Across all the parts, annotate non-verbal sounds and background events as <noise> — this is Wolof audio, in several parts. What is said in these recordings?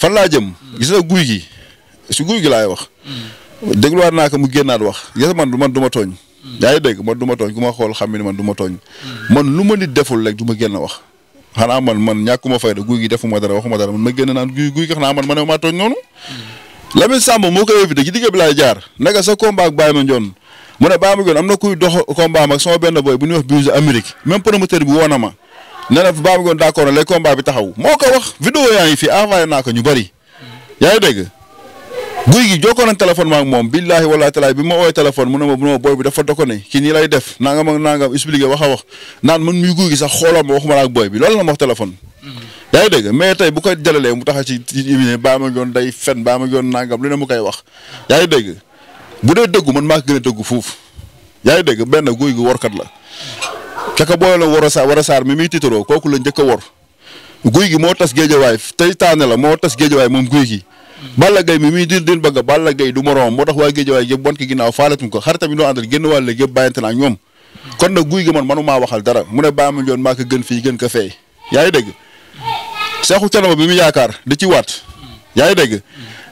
fan laa jëm. gis guy gi si guy gi laay wax. dégluwaat naa ko mu génnaat wax gis man du man du ma tooñ. yaa ngi dégg man du ma tooñ ku ma xool xam ni man du ma tooñ. man lu ma nit deful rek du ma génn wax. xanaa man man ñàkkuma fayda guy gi defuma dara waxuma dara man ma génn naan guy guy gi xanaa man ma ne maa tooñ noonu. Lamine Samb moo koy éviter ci digg bi laay jaar naka sa combat ak Baye Mandione mu ne Baye Mandione am na kuy dox combat am ak sama benn boy bu ñuy wax Buse Amérique même promoteur ma woo na ma ne na Baba Ngone d'accord na léegi combat bi taxaw moo ko wax vidéo yaa ngi fi envoyé naa ko ñu bari yaa ngi dégg guy gi jokkoo nañ téléphone ma ak moom billaahi wallaahi talaay bi ma ooyee téléphone mu ne bi dafa doko ne kii nii lay def nangam ak nangam expliqué wax a wax naan man muy guy gi sax xooloo ma waxuma la ak booy bi loolu la wax téléphone yaa ngi dégg mais tey bu ko jëlalee mu taxa ci émission Baba Ngone day fen Baba Ngone nangam lu ne mu koy wax yaa ngi dégg bu dee dëggu man maa ko gën a dëggu foofu yaa ngi dégg benn guy gi warkat la ca ka booyaloo Woro Sarr Woro Sarr mi muy tiitaroo kooku la njëkk a wor guy gi moo tas géejawaay tey taane la moo tas géejawaay moom guy gi. bala Gaye mi muy di din bëgg Balla Gaye du moroom moo tax waa géejawaay yëpp wan ki ginnaaw faalatuñ ko xaritam yi ñoo àndal génn wàll yëpp bàyyante na ñoom. kon nag guy gi man manu maa waxal dara mu ne bàyyi ma ñoon maa ko gën fii gën ko fey yaa ngi dégg. seexu canaba bi mu yaakaar di ci waat yaa ngi dégg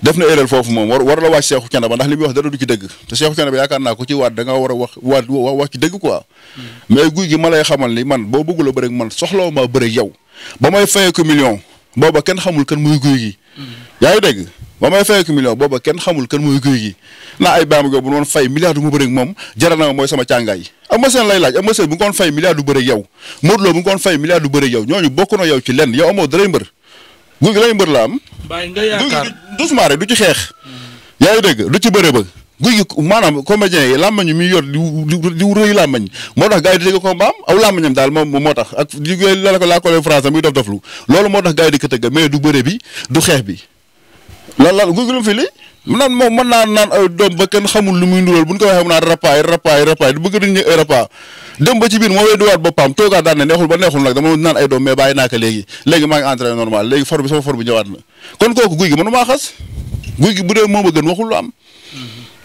def na erreur foofu moom war war la wàcc Cheikhou Thiénaba ndax li muy wax dara du ci dëgg te Cheikhou Thiénaba yaakaar naa ko ci waat da war a wax waat wax ci dëgg quoi hmm. mais guy gi ma lay xamal ni man boo bëggula bëreeg man soxlaw ma bëreeg yow ba may fayee ko million booba kenn xamul kan muy guy gi hmm. yaa ngi dégg ba may fayee ko million booba kenn xamul kan muy guy gi naa ay baama go bu noon fay milliard du ma moom jaral na mooy sama càngaay Eumeu Sène lay laaj Eumeu Sène bu nga koon fay milliard du bëreeg yow Modou Lo bu nga koon fay milliard du bokk na yow ci lenn yow amoo dara mbër guy gi lay mbër la am. bàyyi nga yaakaar du ci xeex. yaa ngi dégg du ci bëre ba. guy gi maanaam comédien yi làmmañ mi yor di di rëy làmmañ moo tax gars yi di dégg combat am aw làmmañam daal moom moo tax ak di la ko laa ko leen français muy dof doflu loolu moo tax gars yi di ko tëgg mais du bëre bi du xeex bi. lan lan guy gi lu mu fi li naan moom mën naan naan euh, ay doom ba kenn xamul lu muy ndural bu ñu ko waxee mu naan rapaay rapaay rapaay du bëgg dañu dem ba ci biir moo wéy duwaat boppam toogaat daan ne neexul ba neexul nag dama naan ay doom mais bàyyi naa ko léegi léegi maa ngi entraîné normal léegi for bi sama for bi ñëwaat na kon kooku guy gi mënu maa xas guy gi bu dee moom a gën am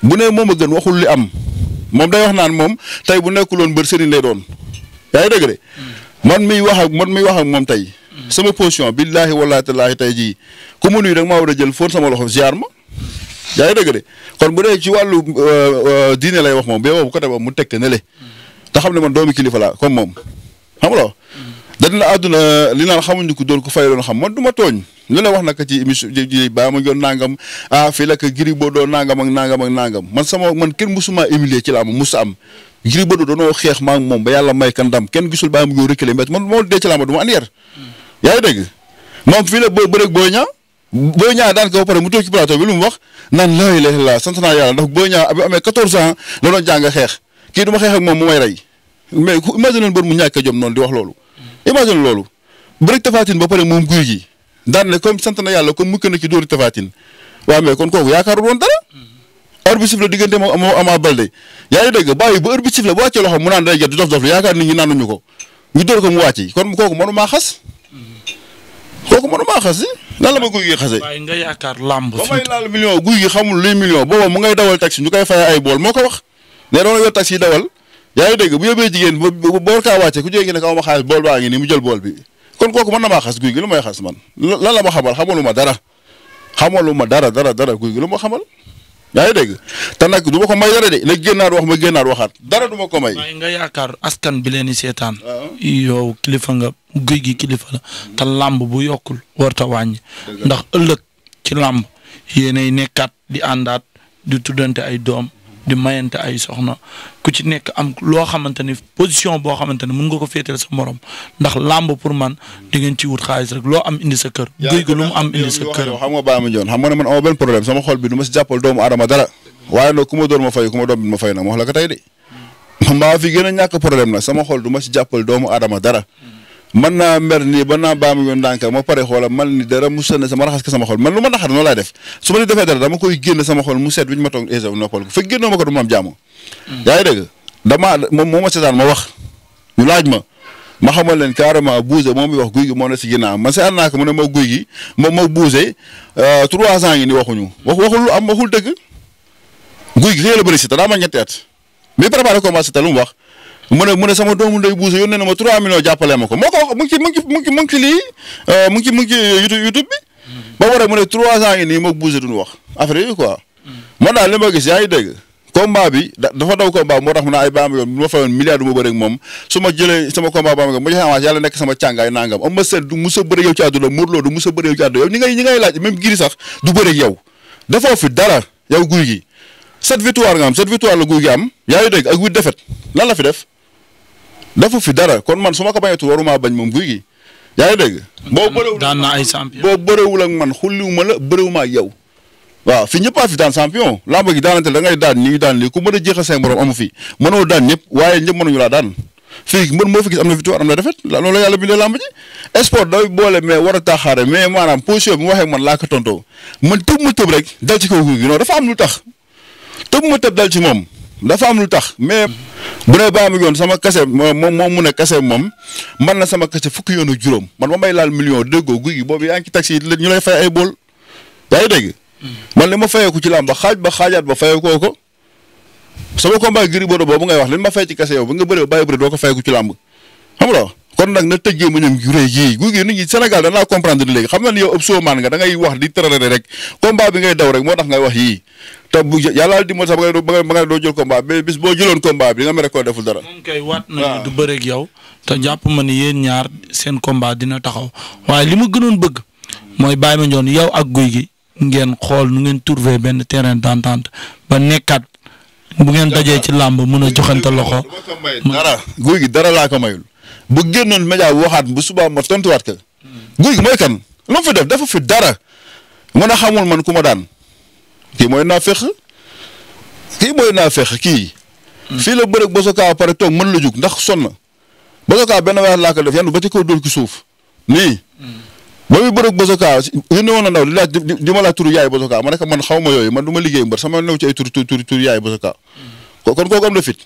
bu nee moom a gën waxul li am moom day wax naan moom tey bu nekkuloon mbër sëriñ lay doon yaa ngi dégg de man miy wax ak man miy wax ak moom tey sama position billaahi wallaahi tallaahi tey jii ku mu nuyu da maa war a jël foon sama loxo ziar ma yaa ngi dégg kon bu dee ci wàllu euh, euh, diine lay wax moom bee boobu côté mu tekk ne le te xam ne man doomu kilifa laa comme moom xam nga loolu. dañ la àdduna li naan xamuñu ko doon ko fay doon xam man duma ma tooñ lu wax naka ci émission ji baa ma yoon nangam ah fii la ko Gris Bordeaux nangam nangam ak nangam man sama man kenn musuma humilier ci laa ma mus am. Gris Bordeaux doonoo xeex maa ngi ba yàlla may ka ndam kenn gisul baa ma yoon reculer mais man moo dee ci laa yaa ngi dégg moom fii la boo bëreeg boo ñaa boo ñaa daan ko mu toog ci lu mu wax naan laa ilaaha illallaah sant naa yàlla ndax boo ñaa amee 14 ans la doon jàng xeex. kii du ma xeex ak moom mu may rey imagine di wax loolu. imagine loolu bëri ba pare moom guy gi daan ne comme sant na yàlla comme mukk na ci dóori tafatin waaw mais kon kooku yaakaarul woon dara. heure bi siffle diggante moom moo Ama Baldé yaa ba mu naan day jot di dof dof yaakaar ko ñu dóor kon kooku mënu xas. kooku mënu xas lan la ma guy gi xasee. waaye nga yaakaar ba may laal million guy gi xamul luy million booba mu ngay dawal taxi ñu koy fay ay bool moo ko wax nee doon yor taxi dawal yaa ngi dégg bu yóbbee jigéen ba boor kaa wàcce ku jigéen gi ne ko ama xaalis bool baa ngi nii mu jël bool bi kon kooku mën na maa xas guy gi lu ma xas man lan la ma xamal xamalu ma dara xamalu ma dara dara dara guy gi lu ma xamal yaa ngi dégg te nag du ma ko may dara de nag génnaat wax ma génnaat waxaat dara du ma ko may. nga yaakaar askan bi leen di seetaan. yow kilifa nga guy gi kilifa ta te làmb bu yokkul war ta ndax ëllëg ci làmb yéenay nekkaat di àndaat di tuddante ay doom. di mayante ay soxna ku ci nekk am loo xamante ni position boo xamante ni mun nga ko féeteel sa morom ndax làmb pour man di ngeen ci wut xaalis rek loo am indi sa kër. guy gi lu am indi sa kër. xam nga Baye Mandione xam nga ne man amoo benn problème sama xol bi du ma si jàppal doomu aadama dara waaye nag ku ma doon ma fay ku ma doon ma fay nag ma wax la ko tey de maa fi gën a ñàkk problème nag sama xol du ma si jàppal doomu adama dara. man naa mer ni ba naa baam yoon ndànk ma pare xoola man ni dara mu sën sama raxas ko sama xol man lu ma naxar noonu laay def su ma ni defee dara dama koy génn sama xol mu seet bi ma toog ésew noppal ko fekk génnoo ma ko du ma am hmm. moom moo ma seetaan ma wax ñu laaj ma ma xamal leen carrément buuse moom mi wax guy gi moo ne si ginnaaw man seet naa ko mu ne ma guy ma buuse euh, trois ans ngi ni waxuñu wax waxul lu am waxul dëgg guy gi xëy la bëri si te daa ma ñetti at mais préparé wax mu ne mu ne sama doomu ndey buuse yónnee na ma 3 millions jàppale ma ko moo ko mu ngi ci mu ngi ngi ci lii euh, mu ngi ci mu ngi ci YouTube bi. ba pare mu ne 3 ans yi nii buuse duñu wax affaire yi quoi. daal li ma gis yaa ngi dégg. combat bi dafa daw combat moo tax mu ne ay baam yoon bu ma du ma bëri moom su ma jëlee sama combat baam yoon ma joxe avance yàlla nekk sama càngaay nangam am ma seet du mus a bëri yow ci àdduna Modou du mus a bëri yow ci àdduna yow ñi laaj même giri sax du bëri ak yow gi sept victoire nga am la guy am yaa ngi dégg ak huit défaite lan la fi def defu fi dara kon man su ma ko bañatul waruma bañ moom guy gi yaa ngi dégg. boo bëriwul daan na ay champion boo bëriwul ak man xulliwuma la bëriwuma ak yow. waaw fi ñëpp a fi daan champion lamba gi daanante da ngay daan nii daan lii ku mën a jeexal seen borom amu fi mënoo daan ñëpp waaye ñëpp mënuñu laa daan fii mën moo fi gis am na victoire am na défaite loolu yàlla bindee làmb ji sport day boole mais war a taxaare mais maanaam position mu waxee man laa ko tontoo man tëb ma tëb rek dal ci kaw guy gi noonu dafa am lu tax tëb ma tëb dal ci moom dafa am lu tax mais bu ne baa mi yoon sama kase moom moom mu ne kase moom man na sama kase fukki yoonu juróom man ba may laal million déggoo guy gi boobu yaa ngi ci taxi yi ñu lay fay ay bool yaa ngi dégg. man li ma fayeeku ci làmb xaaj ba xaajaat ba fayeekoo ko sama combat Gris Bordeaux boobu ngay wax li ma fay ci kase yow ba nga bëree bàyyi bëri doo ko fayeeku ci làmb xam nga kon nag na tëjee ma ñoom juree ji guy gi nit ñi Sénégal danaa comprendre léegi xam nga ni yow nga da wax di tërale rek combat bi ngay daw rek moo tax ngay wax yii te bu yàlla dimbal sax ba nga ba nga doo jël combat bi bis boo jëloon combat bi di nga mere koo deful dara. moom kay waat nañu du bëreeg yow. te jàpp ma ni yéen ñaar seen combat dina taxaw waaye li ma gënoon bëgg mooy Baye Mandione yow ak guy gi ngeen xool nu ngeen trouver benn terrain d'entente ba nekkaat bu ngeen dajee ci làmb mën a joxante loxo. dara gi dara laa ko mayul bu génnoon média waxaat bu subaa ma tontuwaat ko. Gouye Gui mooy kan lu fi def dafa fi dara mën a xamul man ku ma daan. kii mooy naafeq kii mooy naafeq kii. Hmm. fii la bëreeg bosokaa pare toog mën la jug ndax sonn na benn weer laa ko def yan ba ci kaw dóor ci suuf nii. Hmm. ba muy bëreeg bosokaa yónnee woon na ndaw di laaj di ma laaj turu yaay bosokaa ma ne man xaw ma yooyu ma du ma liggéey mbër sama new ci ay tur tur tur yaay bosokaa. Hmm. kon kooku am na fit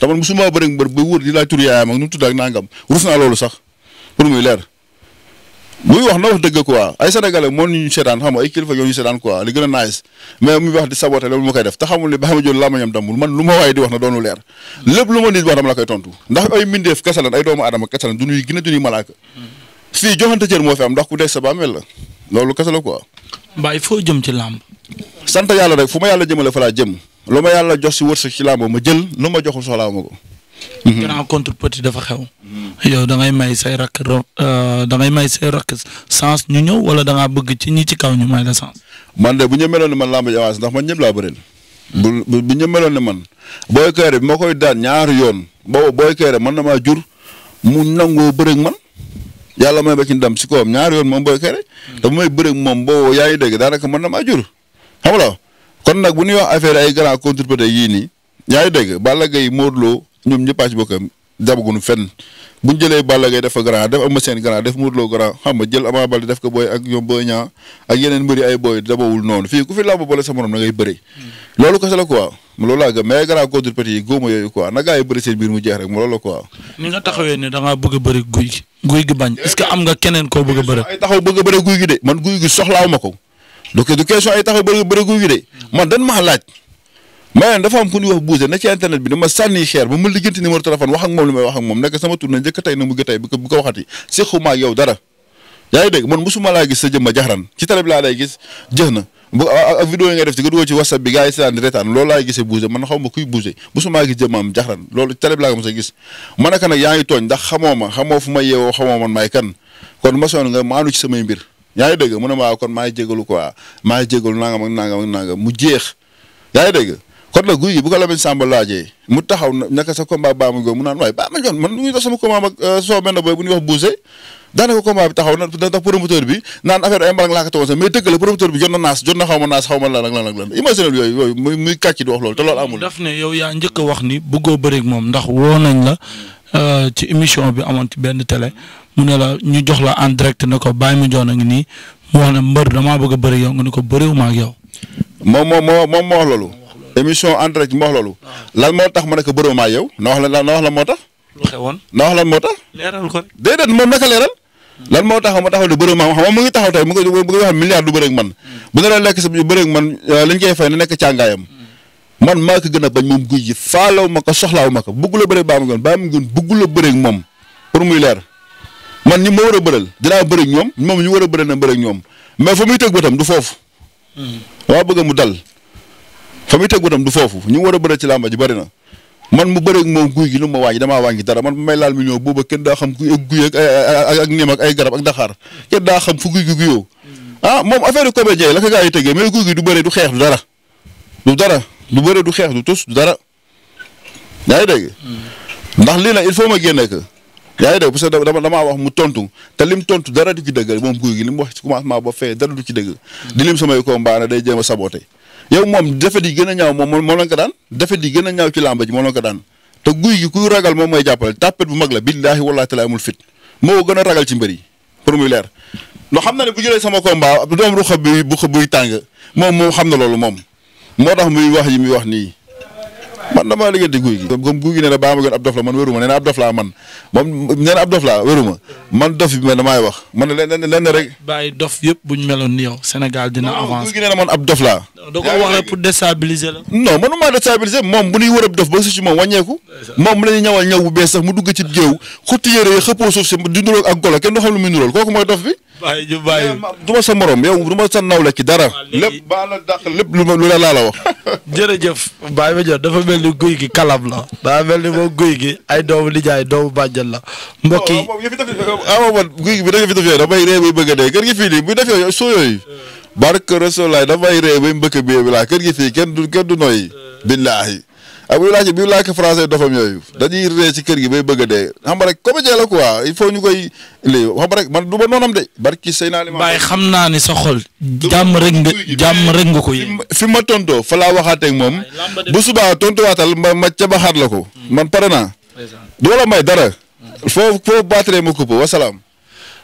te man musuma bëreeg mbër ba wóor di laaj turu yaayam ak nu mu tudd ak nangam ruf naa loolu sax pour muy leer. muy wax na wax dëgg quoi ay sénégalais moo ñu seetaan xam nga ay kilifa yoo ñu seetaan quoi li gën a nice mais muy wax di saboté loolu mu koy def te xamul ne ba xam ne jël làmmiñam damul man lu ma waaye di wax na doonu leer lépp lu ma nit wax dama la koy tontu a du ñuy malaaka fii joxante cër moo fi am sant yàlla rek fu ma yàlla jëmale fa laa jëm lu ma yàlla jox si wërsëg ci làmb ma jël lu ma joxul soxlaa ma ko. grand contre petit dafa xew. yow da ngay may say rakk euh, da ngay may ñu ñëw wala da bëgg ci ñi ci kaw ñu may la sens. man de bu ñu meloon ne man làmb ji ndax man ñëpp laa bëreel. bu bu ñu meloon ne man booy kayre bi ma koy daan ñaari yoon boobu booy kayre man na ma jur mu nangu bëreeg man yàlla may ba ci ndam si kawam ñaari yoon moom booy kayre. te bu yaa ngi dégg daanaka man na maa jur xam nga kon nag bu ñuy wax affaire ay grand contrepartie yii nii yaa ngi dégg Balla Gaye Modou Lo ñoom ñëpp a ci bokkam fen bu ñu jëlee Balla Gaye def ko grand def Eumeu Sène grand def Modou Lo grand xam nga jël Ama Baldé def ko booy ak ñoom booy ak yeneen mbëri ay booy dabawul noonu fii ku fi làmb boole sa morom na mm. yooyu quoi na gaa yi mu jeex rek mu loolu la quoi ni nga taxawee ne da ngaa a bëri guy gi guy gi bañ est que am nga keneen koo bëgg a bëri ay a bëri guy gi de man ko donc bëri guy gi de mm. man dañ ma laaj mais dafa am ku ñuy wax buuse na ci internet bi dama sànni cher ba mu lijjanti numéro téléphone wax ak moom li may wax ak moom nekk sama tur na njëkk tey na mu gë tey bu ko bu ko waxati séquma ak yow dara yaa ngi dégg laa gis sa jëmma jaxran ci télé bi laa lay gis jëx na bu ak vidéo yi ngay def ci gëduwoo ci whatsapp bi gars yi seetaan ma kuy buuse mosuma gis jëmmaam jaxran loolu ci télé bi ma ne ko yaa ngi tooñ ndax xamoo ma xamoo fu ma yeewoo xamoo man maay kan kon ma soon nga maanu ci samay mbir yaa ngi dégg mu jeex yaa ngi kon nag guy gi bu mu taxaw naka sa combat Baye Mandione mu naan euh, wax buuse daanaka combat bi taxaw na da tax promoteur bi naan affaire ay mbarang laa ko tawoon sax mais dëgg la promoteur bi jot na naas jot na xaw ma naas xaw ma lan ak lan ak yooyu yooyu muy muy di wax loolu te loolu amul. daf ne yow yaa njëkk wax ni bëggoo bëri moom ndax woo nañ la euh, ci émission bi amoon ci benn télé mu ne la ñu jox la en direct ne ko Baye Mandione a ngi nii mu wax ne mbër damaa bëgg a bëri yow ko bëriwuma moo moom moo wax loolu émission entretien ci mu wax loolu. Ah. lan moo tax ma ne ko bërëb maa yow na wax la na wax la moo tax. lu xewoon lan moo tax. leeral ko moom naka leeral. Hmm. lan moo tax ma tax di bërëb maa xam mu ngi taxaw tey mu ngi mu ngi wax milliard du bëreeg man. Hmm. bu euh, nga doon hmm. a bañ moom guy ji ma ko soxlaaw ma ko bëggu la bëreeg baa ma gën baa ma gën moom pour muy leer man ñi ma war a bëral dinaa bëreeg ñoom moom ñu war a bëral na bëreeg ñoom mais fa muy tëg bëtam du foofu waa bëgg mu dal fa muy teg bëtam du foofu ñu war a bëre ci làmba ji na man mu bëreeg moom guy gi lu ma wàññi dama wàññi dara man bu may laal million booba kenn daa xam guy ak guy ak ay garab ak daxaar kenn daa xam fu guy gi guyoo ah moom affaire comédien la ko gaa yi tegee mais guy gi du bëre du dara du bëre du xeex du tus dara yaa ngi dégg ndax lii nag il faut ma génne ko yaa ngi wax mu tontu te lim tontu dara du ci dëgg moom guy gi wax ci commencement ba fee dara du ci dëgg di lim samay combat na day jéem a saboté yow moom defet yi gën a ñaaw moom moom la ko daan defet yi gën a ñaaw ci làmba ji moom la ko daan te guy gi kuy ragal moom mooy jàppale tàppet bu mag la billaahi wallaahi taala amul fit moo gën a ragal ci mbër yi pour muy leer loo xam na ne bu jëlee sama combat doom ruxa bi bu buy tàng moom moom xam na loolu moom moo tax muy wax yi muy wax nii man damaa liggéeyante guy gi comme guy gi ne la baa ma gën ab dof la man wéruma nee ab dof laa man moom ab dof laa wéruma man dof bi man damaay wax man lenn lenn rek bàyyi dof yëpp buñ meloon ni yow Sénégal dina avancer guy gi nee na moom bu ñuy wër ab dof ba su ci moom wàññeeku moom la ñuy ñawal ñaw bu bees sax mu dugg ci géew xutti yére xëppoo suuf si di nuróog ak golo kenn du xam lu muy nuróol kooku mooy dof bi bàyyi ñu bàyyi du ma sa morom yow du ma sa nawle ci dara. lépp baa lépp lu ma lu la laa la wax. <laughs> jërëjëf Baye Mandione dafa mel ni guy gi kalam la daa mel ni moom guy gi ay doomu lijaay doomu bàjjan la mbokk yi. Oh, waaw ah, guy gi bi da nga fi def yooyu damay ree muy bëgg dee kër gi fii nii bu def yooyu soo yooyu. barke Rasulaay damay ree bay mbëkk bi laa kër gi fii kenn du kenn du noyyi. Eh. billaahi. ak ah, buy laajte buy làkk français dofam yooyu dañuy ree ci kër gi bay bëgg a dee xam nga rek comédien la quoi il faut ñu koy lii xam rek man du ma noonam de barki sëy naa li ma xam naa ni sa xol jàmm rek nga jàmm rek nga ko yéen fi ma tontoo fa laa waxaateeg moom bu subaa tontuwaatal ma ma ca baxaat la ko hmm. man pare naa du la may dara foofu foofu baateree ma kupp wasalaam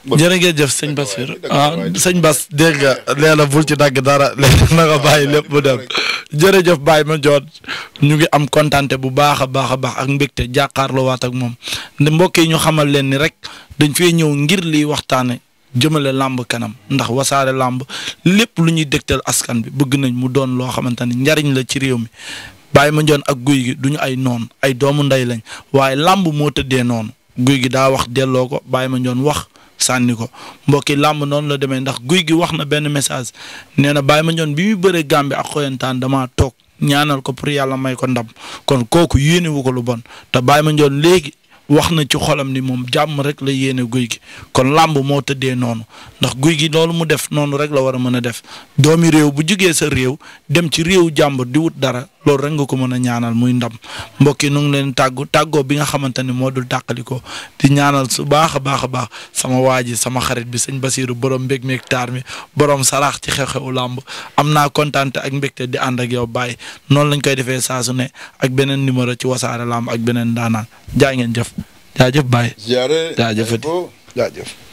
jërëjëf sëñ Bas Fir ah sëñ Bas dégg nga nee na bul ci dagg dara léegi <laughs> na nga bàyyi lépp mu dem jërëjëf baay ma Mandione ñu ngi am kontante bu baax a baax a baax ak mbégte jàkkaarloowaat ak moom mbokk yi ñu xamal leen ni rek dañ fee ñëw ngir liy waxtaane jëmale làmb kanam ndax wasaare làmb lépp lu ñuy dégtal askan bi bëgg nañ mu doon loo xamante ni njariñ la ci réew mi Baye Mandione ak guy gi duñu ay noon ay doomu ndey lañ waaye làmb moo tëddee noonu guy gi daa wax delloo ko Baye Mandione wax sànni ko mbokki làmb noonu la demee ndax guy gi wax na benn message nee na Baye Mandione bi muy bëree Gambie ak xoyantaan damaa toog ñaanal ko pour yàlla may ko ndam kon kooku yéene ko lu bon te Baye Mandione léegi wax na ci xolam ni moom jàmm rek la yéene guy gi kon làmb moo tëddee noonu ndax guy gi loolu mu def noonu rek la war a mën a def doomi réew bu jugee sa réew dem ci réew jàmb di wut dara loolu rek nga ko mën a ñaanal muy ndam mbokk yi nu leen tàggu tàggoo bi nga xamante ni moo dul tàqaliko di ñaanal su baax a baax a baax sama waa ji sama xarit bi sëñ Basiiru borom mbég meeg taar mi borom saraax ci xew-xewu làmb am naa kontaante ak mbégte di ànd ak yow baay noonu lañ koy defee saa su ne ak beneen numéro ci wasaare lamb ak beneen daanaan jaa ngeen jëf jaajëf Baye. jaajëf jaajëf